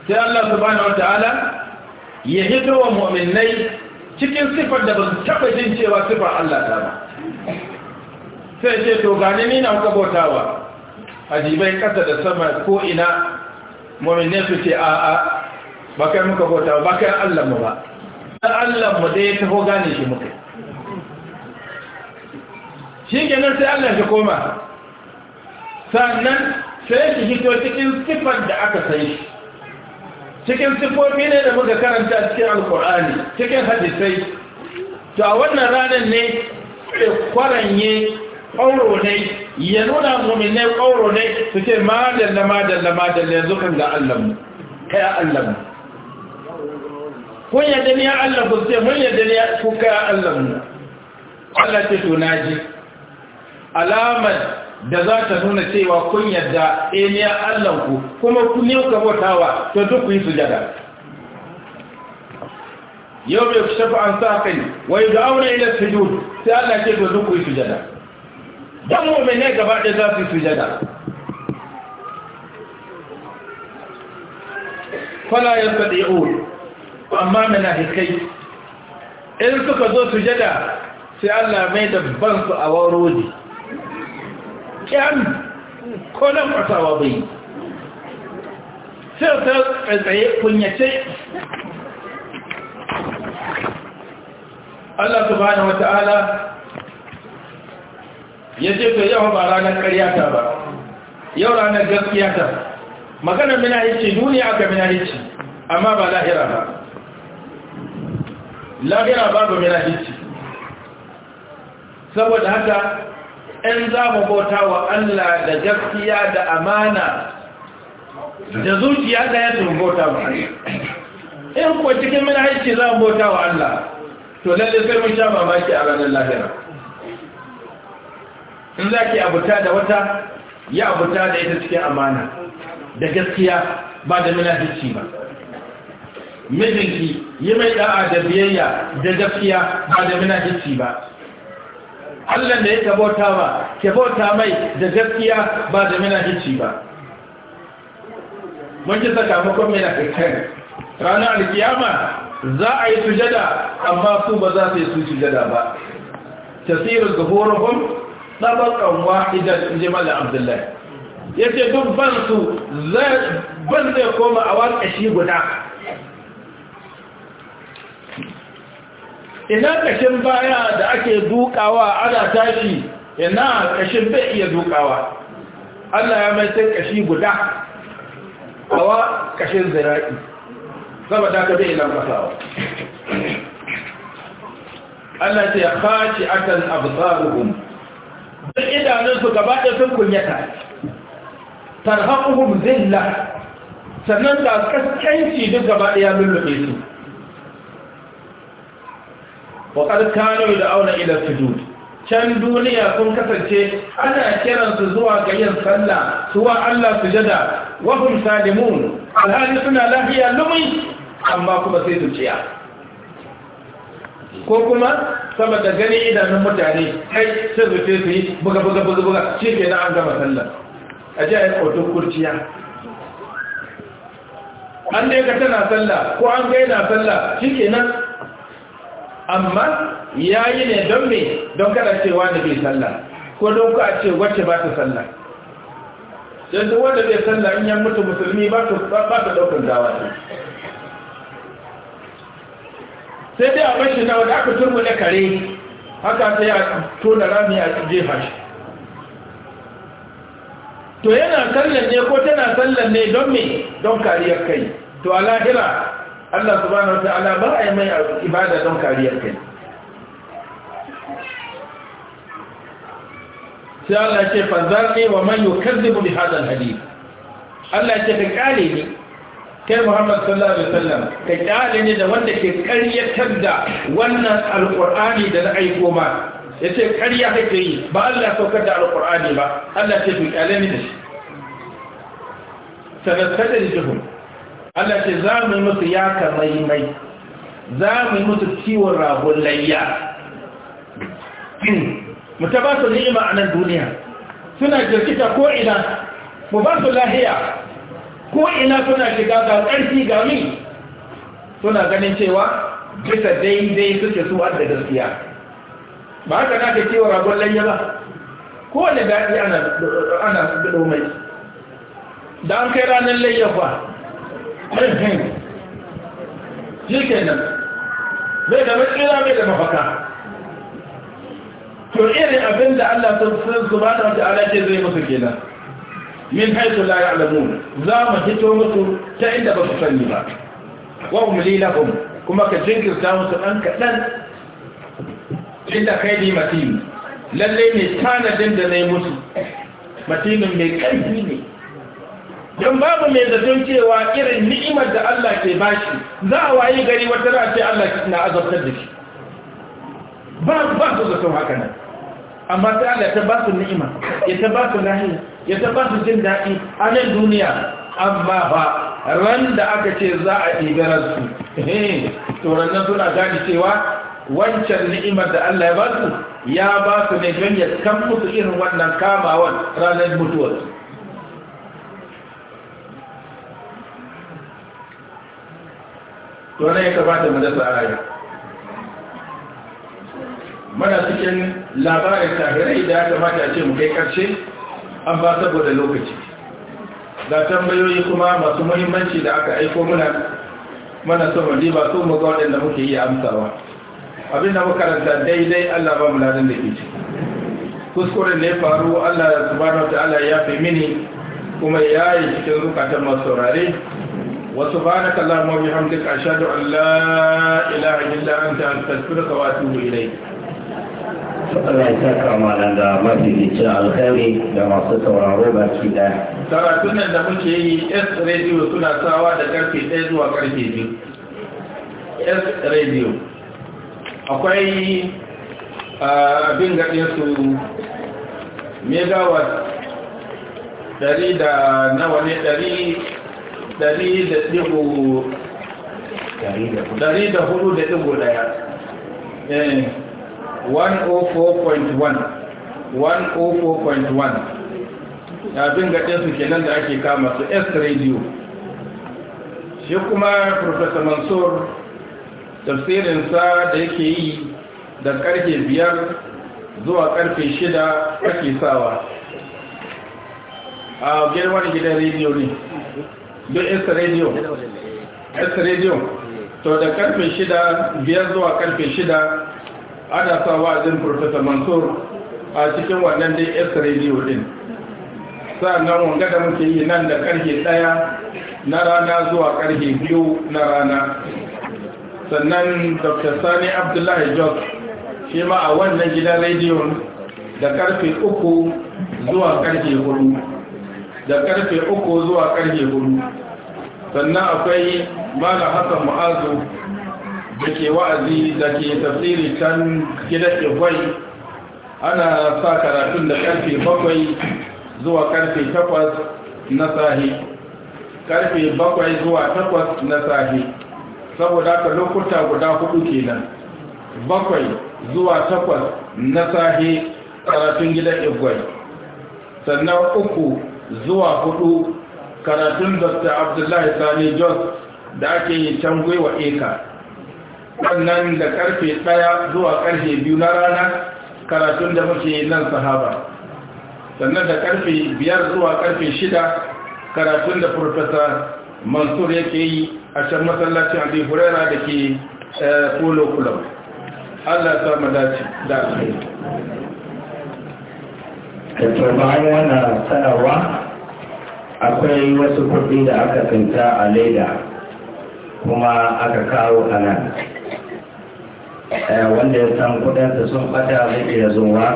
sai Allah subhanahu wa ta'ala ya hito wa mu'minai cikin sifar da ba su taɓa jin cewa sifar Allah ta ba sai ce to gani ni na kabotawa ajibai ƙasa da sama ko ina mummune su ce a a ba kai muka bautawa ba kai Allah mu ba dan Allah mu dai ta ho gane shi muka shi kenan sai Allah ya koma sannan sai shi hito cikin sifar da aka sai shi cikin sifofi ne da muka karanta cikin alkur'ani cikin hadisai to a wannan ranar ne kwaranye ƙauro ne ya nuna muminai ƙauro ne su ce madalla madalla madalla yanzu kan ga allahnmu kai allahnmu kun yadda ni ya allah ku ce mun yadda ni ku kai allahnmu allah ce to naji alamar da za ta nuna cewa kun yadda eniya eh, Allahnku kuma kun yi ka bautawa to duk ku yi sujada yau bai fi shafa an sa kai wai da aure ila sujud sai Allah ke to duk ku yi sujada dan mu'mine gaba ɗaya za su yi sujada fala yastati'un amma munafikai in suka zo sujada sai Allah mai da bansu a warodi kyan ko nan kwasawa bai sai ta tsaye kunyace Allah subhanahu wa ta'ala ya ce to yau ba ranar karyata ba yau ranar gaskiya ta maganar mina yace duniya aka mina yace amma ba lahira ba lahira babu mina yace saboda haka in za mu bauta wa Allah da gaskiya da amana da zuciya ɗaya su bauta wa Allah in kuwa cikin mina haiti za mu bauta wa Allah to lalle sai mun sha mamaki a ranar lahira in za ki abuta da wata ya abuta da ita cikin amana da gaskiya ba da mina haiti ba mijinki yi mai da'a da biyayya da gaskiya ba da mina haiti ba Allah da yake bauta ba, ke mai da gaskiya ba da mina hici ba mun ji sakamakon mai na kai ranar alkiyama za a yi sujada amma su ba za su yi sujada ba tasirin zuhuruhum tsabakan wahidan jimal abdullahi ya ce duk su zai zai koma a wakashi guda ina kashin baya da ake dukawa ana tashi ina kashin bai iya dukawa Allah ya mai sai kashi guda kawa kashin zira'i saboda ka bai kasawa. Allah ya khashi akan absaruhum duk idanunsu gaba ɗaya sun kunyata tarhaquhum zilla sannan da kaskanci duk gaba ɗaya lullube su wa qad kanu yad'una ila sujud can duniya kun kasance ana kiran su zuwa ga yin sallah zuwa Allah sujada wa hum salimun alhali suna lafiya lumai, amma kuma sai su ciya ko kuma saboda gani idanun mutane kai sai su ce su yi buga buga buga buga shi ke na an gama sallah a ji a yi kotun kurciya an da ka tana sallah ko an gaina sallah shi ke nan amma ya yi ne don me don kada cewa da bai sallah ko don a ce wacce ba ta sallah don duk wanda bai sallah in yan mutu musulmi ba ta daukan dawa ne sai dai a bashi na wanda aka turmu na kare haka sai a tona rami a jefa shi to yana sallan ne ko tana sallan ne don me don kariyar kai to a lahira Allah subhanahu wata'ala ba a yi mai ibada don kariyar kai sai Allah ce fazzaƙe wa man yukazzibu bi hadal hadith Allah ce ka kare ni kai Muhammad sallallahu alaihi wasallam ka kare ni da wanda ke ƙaryatar da wannan alqur'ani da na aiko ma yace karya kake yi ba Allah saukar da alqur'ani ba Allah ce ku kare ni da shi sanad kadar jihum Allah ce za mu yi musu ya kamai mai za mu yi musu ciwon ragon layya mu ta ba su ni'ima a nan duniya suna jirkita ko ina mu ba su lahiya ko ina suna shiga ga ƙarfi ga mi suna ganin cewa bisa daidai suke su da gaskiya ba haka na ka ciwon ragon layya ba kowane daɗi ana ɗaɗo mai da an kai ranar layya ba shi ke nan mai da matsira mai da mafaka to irin abin da Allah sun su ba ta wata ala ce zai musu kenan min haitu la ya'lamun za mu fito mutu ta inda ba su sani ba wa umli lahum kuma ka jinkirta musu dan kaɗan inda kai ni matin lallai ne tanadin da na yi musu matinin mai karfi ne don babu mai zaton cewa irin ni'imar da Allah ke bashi za a waye gari wata ra'a ce Allah na azabtar da shi ba ba su zaton haka nan amma sai Allah ta ba su ni'ima ya ta ba su lahiya ya ta ba su jin daɗi a nan duniya amma ba ran da aka ce za a ɗigarar su eh, to rannan suna gani cewa wancan ni'imar da Allah ya ba su ya ba su ne don ya kan musu irin wannan kamawan ranar mutuwarsu to ya kamata mu dasa aya mana cikin labarin tahirai da ya kamata ce mu kai karshe an ba saboda lokaci ga tambayoyi kuma masu muhimmanci da aka aiko muna mana son ba su mu ga waɗanda muke yi amsawa abinda makaranta daidai Allah ba mu ladan da ke ciki kuskuren da ya faru Allah subhanahu ta'ala ya fi mini kuma ya yi cikin rukatan masu saurare وسبحانك اللهم وبحمدك أشهد أن لا إله إلا أنت أستغفرك وأتوب إليك da alkhairi da masu sauraro Karatun nan da muke yi S radio suna sawa da karfe 1 zuwa karfe 2. S radio. Akwai abin gaɗin su megawatt ɗari da nawa ne ɗari. dari da ɗigo dari da hudu da ɗigo ɗaya 104.1 104.1 abin su ke nan da ake kama su s radio shi kuma professor mansur tafsirinsa da yake yi da karfe biyar zuwa karfe shida ake sawa a wani gidan rediyo ne don s radio s radio to da karfe shida biyar zuwa karfe shida ana sa wa'azin professor mansur a cikin wannan dai s radio din sa'annan wanga da muke yi nan da karfe daya na rana zuwa karfe biyu na rana sannan dr sani abdullahi jos shi ma a wannan gidan rediyon da karfe uku zuwa karfe hudu da karfe uku zuwa karfe hudu sannan akwai mala hassan mu'azu da ke wa'azi da ke tafsiri can gida ibai ana sa karatun da karfe bakwai zuwa karfe takwas na sahi karfe bakwai zuwa takwas na sahi saboda ka lokuta guda hudu kenan bakwai zuwa takwas na sahi karatun gida ibai sannan uku zuwa hudu karatun dr abdullahi sani jos da ake yi can gwiwa eka wannan da karfe ɗaya zuwa karfe biyu na rana karatun da muke nan sahaba sannan da karfe biyar zuwa karfe shida karatun da profesa mansur yake yi a can masallacin abu hurera da ke Kolo eh, allah ma dace da ake yi bayan akwai wasu kuɗi da aka tsinta a leda kuma aka kawo a nan eh, wanda ya san kudinsa sun bata zai iya zuwa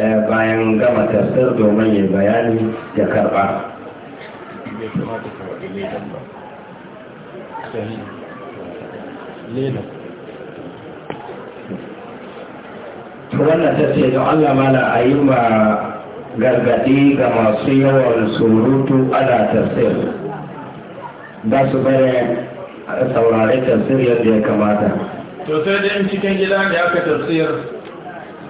eh, bayan gama tafsir domin ya bayani ya karba wannan ta ce don allah mala a yi ma gargaɗi ga masu yawan surutu ana tafsir ba su bane saurari tafsir yadda ya kamata to sai dai cikin gida ne aka tafsir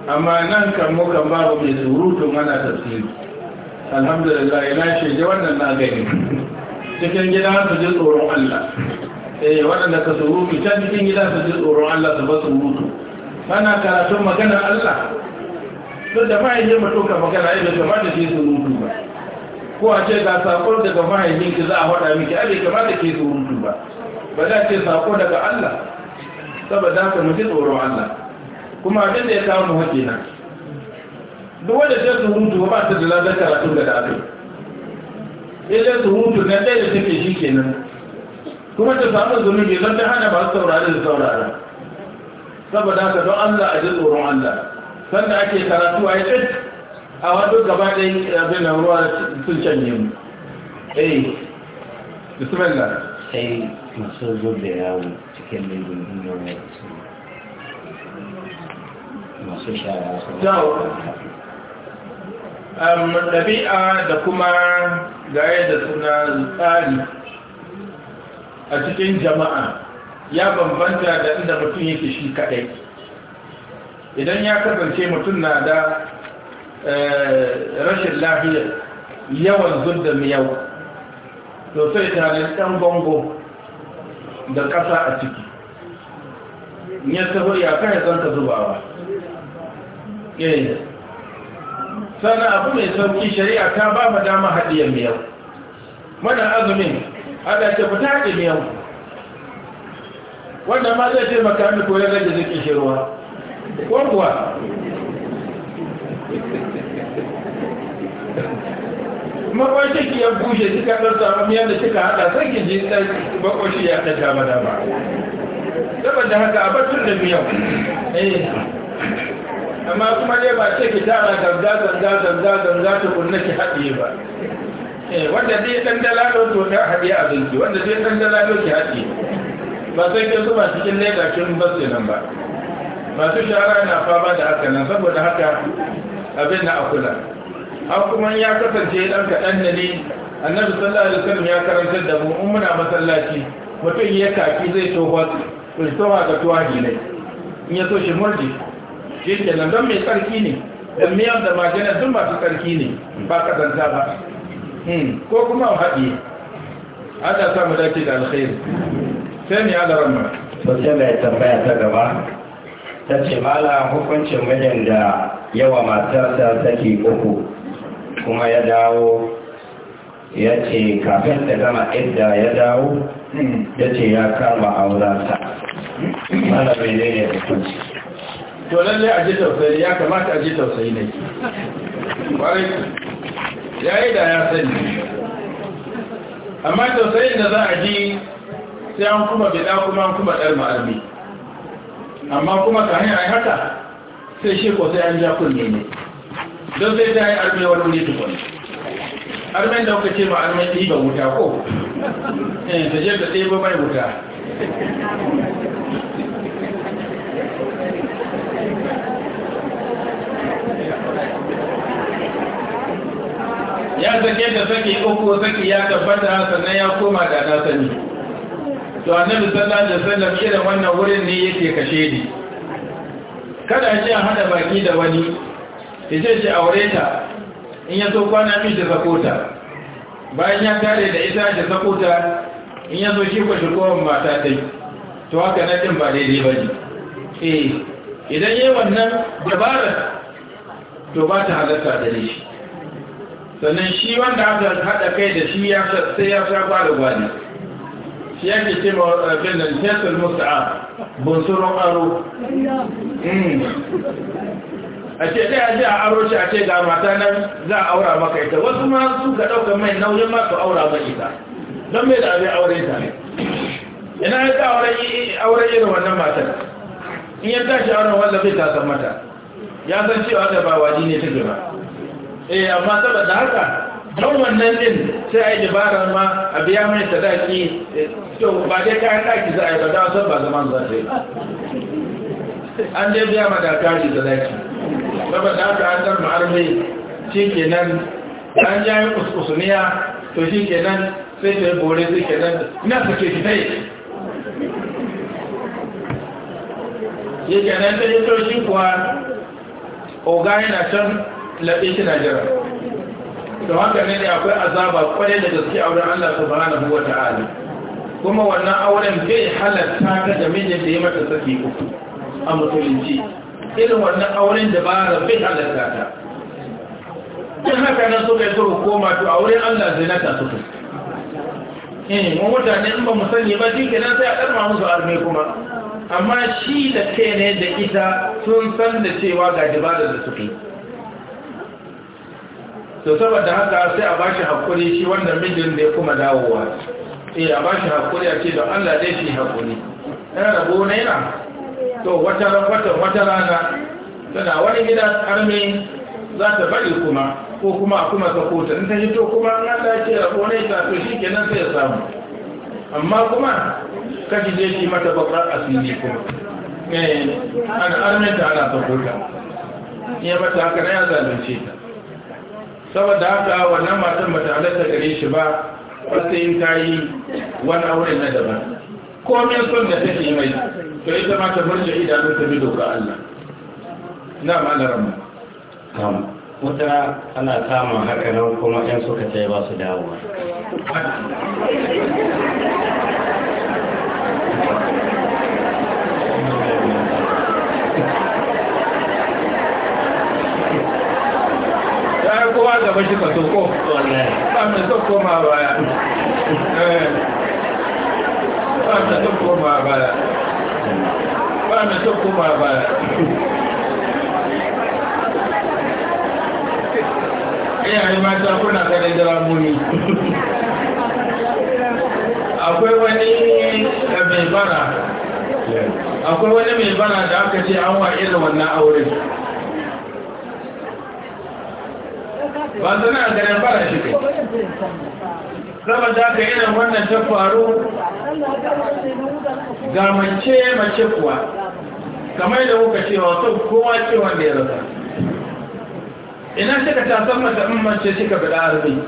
amma nan kan mukan babu mai surutu mana tafsir alhamdulillah ina shege wannan na gani cikin gida su ji tsoron Allah eh waɗanda ka surutu can cikin gida su ji tsoron Allah su ba surutu ana karatun maganar Allah tun da mahaifin mutum ka magana ya bai kamata ke su surutu ba ko a ce ga sakon daga mahaifin ki za a faɗa miki a bai kamata ke su surutu ba ba za ce sako daga Allah saboda haka mu ji tsoron Allah kuma abin da ya kawo mu haƙi na duk wanda su surutu ba ta da ladar karatu da aka yi su surutu na ɗaya da take shi kenan kuma ta samu zunubi zan ta hana ba su saurari da saurara saboda ka don Allah a ji tsoron Allah sanda ake karatu a yi a wadda gaba ɗin abin da ruwa sun canye mu eh bismillah sai masu zo da yawo cikin lagos inda wani masu shara su ɗabi'a da kuma gaya da suna tsari a cikin jama'a ya bambanta da inda mutum yake shi kaɗai idan ya kasance mutum na da eh, rashin lafiya yawan da miyau to sai tare ɗan bango da ƙasa a ciki ya sahur ya kan ya zanta zubawa eh. sannan abu mai sauƙi shari'a ta ba mu dama haɗiyar miyau mana azumin ana ce fita haɗe miyau wannan ma zai taimaka ya koyar rage zai ƙishirwa ko Kuma makwashi ki ya bushe kika ɗan samu miyar da kika haɗa sai ki ji ɗan makwashi ya ɗan dama ba. saboda haka a batun da miyau eh. amma kuma dai ba ce ki tara ganga ganga ganga ganga ta kunna ki haɗiye ba eh, wanda zai ɗan dalalo to na haɗiye abinci wanda zai ɗan dalalo ki haɗiye ba sai ki zuba cikin leda kin basu nan ba masu shara na fama da haka nan saboda haka abin na akula an kuma ya kasance dan kaɗan da ne annabi sallallahu alaihi wasallam ya karantar da mu in muna masallaci mutum ya kafi zai tofa to tofa ga tuwaji ne in ya so shi murji shi nan don mai sarki ne don miyan da magana duk masu tsarki ne ba kazanta ba hmm, ko kuma haɗi ana samu dace da alkhairu. sai ne ya da ramma. sai mai tambaya ta gaba ta ce mala hukuncin mijin da yawa matarsa take uku kuma ya dawo ya ce kafin ta gama idda ya dawo ya ce ya kama wuransa mala mene ne hukunci to lalle a ji tausayi ya kamata a ji tausayi ne ƙwarai ya yi da ya sani amma tausayin da za a ji sai an kuma bida kuma an kuma ɗar ma'armi amma kuma kamin a haka sai shi ko sai an ja kunne ne don sai ta yi arme wani wuri tukun armen da kuka ce ma armen ɗiban wuta ko eh ta je ta ɗiba mai wuta ya zake da ko uku zake ya tabbata sannan ya koma da na sani to annabi sallallahu alaihi wasallam irin wannan wurin ne yake kashe ni kada ji a hada baki da wani yace shi aure ta in ya so kwana min da zakota bayan ya tare da ita da zakota in ya so shi ko shi kowan mata ta yi to haka na din ba daidai ba ne eh idan yayi wannan dabarar to ba ta halarta da shi sannan shi wanda aka hada kai da shi ya sai ya sha gwani shi yake ce ma eh, abin nan tesar musa'a bunsurun aro hmm. a ce ɗaya a ji a aro shi a ce ga mata nan za a aura maka ita wasu ma su ka ɗauka mai nauyin ma su aura ba ita don mai da abin aure ta ne ina ya ta aure irin wannan matar in ya shi auren wanda bai tasar mata ya san cewa da ba waji ne ta gaba eh amma saboda haka don wannan din sai a yi dabarar ma a biya mai sadaki eh, to ba dai kayan daki za a yi ba da wasan ba zaman za ta yi an dai biya ma da dakari sadaki gaba da aka hantar ma arme shi nan an ja yi kuskusuniya to shi nan sai ta yi bore sai kenan ina suke fitai ya nan ta yi kuwa oga yana can laɓe shi na jira da haka ne ne akwai azaba kwarai da gaske a wurin Allah subhanahu wa ta'ala kuma wannan auren bai halatta ga da da ya mata saki uku a musulunci irin wannan auren da ba bai halatta ta in haka nan so kai suka koma to a wurin Allah su ku. eh mu mutane in ba mu sani ba shi kenan sai a ma musu arme kuma amma shi da kai ne da ita sun san da cewa ga dabarar da suke to saboda haka sai a bashi hakuri shi wanda mijin da ya kuma dawowa eh a bashi hakuri a ce don Allah dai shi hakuri yana rabo ne na to wata wata wata rana tana wani gida armi za ta bari kuma ko kuma a kuma sako ta in ta hito kuma an ta ce rabo ne ta to shi kenan sai ya samu amma kuma kaji je shi mata bakar asiri kuma eh an armi ta ana sako ta ya mata haka na ya zalunce ta saboda haka wannan matan bata halatta gare shi ba sai in ta wani aure na daban komin son da take mai to ita ma ta murje idanun ta bido ga Allah na malaran mu kam wata ana samun haka nan kuma ɗan suka yi ba su dawowa ma gaba shi ka soko ma baya baya ba mai soko ma baya iyaye mata kuna kada jira muni akwai wani mai bana akwai wani mai bara da aka ce an wa irin wannan aure ba su na ganin fara shi kai saboda ka irin wannan ta faru ga mace mace kuwa kamar da kuka cewa sun kowa ce wanda ya rasa ina shi ka tasar mata in mace shi ka fada arziki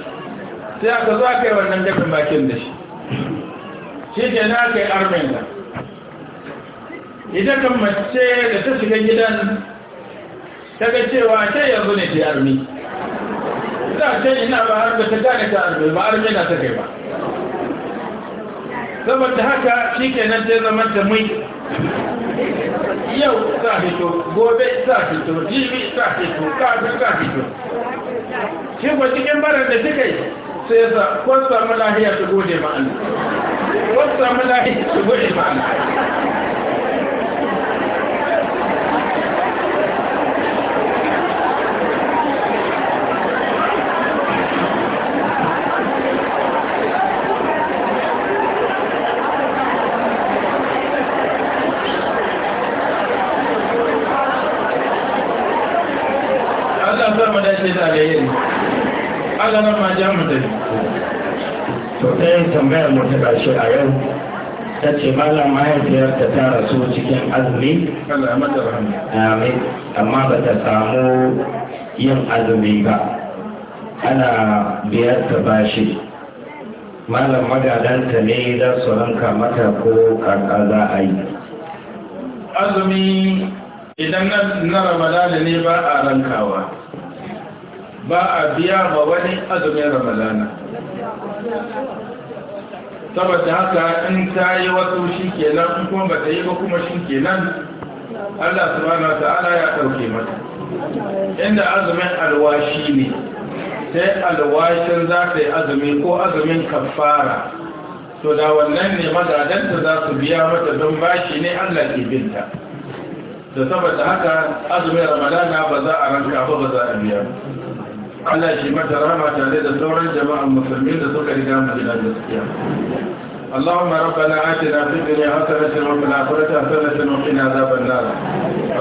sai aka zo aka yi wannan dafin bakin da shi shi ke na kai yi da ita kan mace da ta shiga gidan ta ga cewa ta yanzu ne ta armi ta ce ina ba har da ta gane ta arme ba arme na ta kai ba saboda haka shi kenan ta zama ta mai yau sa fito gobe sa fito jibi sa fito kafin sa fito shi ko cikin barar da suka yi sai sa ko samu lahiya su gode ma'ana ko samu lahiya su gode ma'ana ce a yau ta ce malam mahaifiyarta ta rasu cikin azumi amma ba ta samu yin azumi ba ana biyar ta bashi malam magadanta ne za su ranka mata ko karka za a yi azumi idan na ramadana ne ba a rankawa ba a biya ba wani azumin ramadana saboda haka in ta yi wasu shi kenan in kuma ba ta yi ba kuma shi kenan Allah subhanahu ta'ala ya ɗauke mata inda azumin alwashi ne sai alwashin za ta yi azumi ko azumin kafara to da wannan ne madadanta za su biya mata don bashi ne Allah ke binta da saboda haka azumin ramadana ba za a ranka ba ba za a biya Allah shi mata rama tare da sauran jama'a musulmi da suka riga mu gida gaskiya اللهم ربنا آتنا في الدنيا حسنة وفي الآخرة حسنة وقنا عذاب النار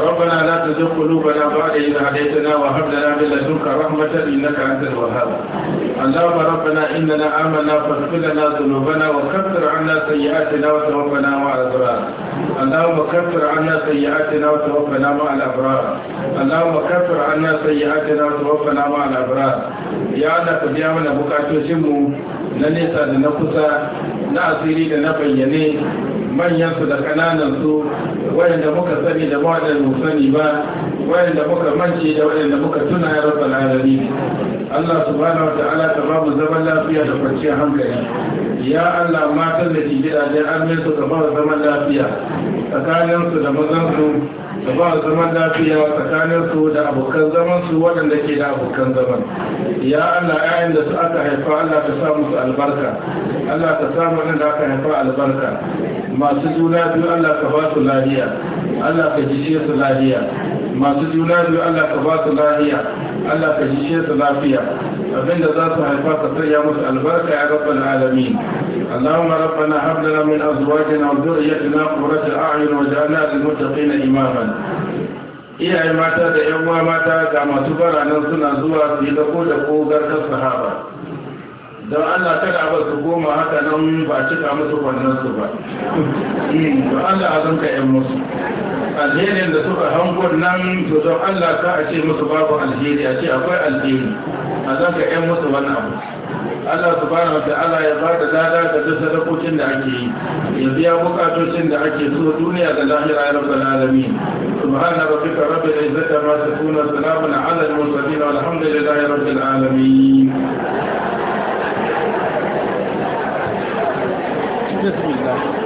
ربنا لا تزغ قلوبنا بعد إذ هديتنا وهب لنا من لدنك رحمة إنك أنت الوهاب اللهم ربنا إننا آمنا فاغفر لنا ذنوبنا وكفر عنا سيئاتنا وتوفنا مع الأبرار اللهم كفر عنا سيئاتنا وتوفنا مع الأبرار اللهم كفر عنا سيئاتنا وتوفنا مع الأبرار يا الله قد يا من أبوك أتوشمه na nesa da na kusa na asiri da na bayyane manyansu da kananansu wayanda muka sani da waɗanda mu sani ba wayanda muka mance da wayanda muka tuna ya rabbal Allah subhanahu wa ta'ala ta ba mu zaman lafiya da kwanciyar hankali ya Allah matan da ke gidajen armen su ka ba zaman lafiya tsakaninsu da mazansu da ba zaman lafiya tsakanin su da abokan zaman su waɗanda ke da abokan zaman ya Allah yayin da su aka haifa Allah ta samu su albarka Allah ta samu mana da aka haifa albarka masu juna biyu Allah ka ba su lafiya Allah ka jishe su lafiya masu juna biyu Allah ka ba su lafiya Allah ka jishe su lafiya abinda za su haifa ka sanya musu albarka ya rabbal alamin اللهم ربنا هب لنا من ازواجنا وذريتنا قرة اعين واجعلنا للمتقين اماما iyaye mata da 'ya'wa mata ga masu bara suna zuwa su yi dako da kogar ta sahaba don Allah kada ba su goma haka nan ba cika musu kwanan su ba hmm, don Allah a zanka yan musu alherin da suka hangon nan to don Allah ka a ce musu babu alheri a ce akwai alheri a zanka yan musu wani abu Allah subhanahu wa ta'ala ya ba da lada da duk sadakokin da ake yi ya biya bukatocin da ake so duniya da lahira ya rabbal alamin subhana rabbika rabbil izzati ma tasifun salamun ala al mursalin walhamdulillahi rabbil alamin 这是你的。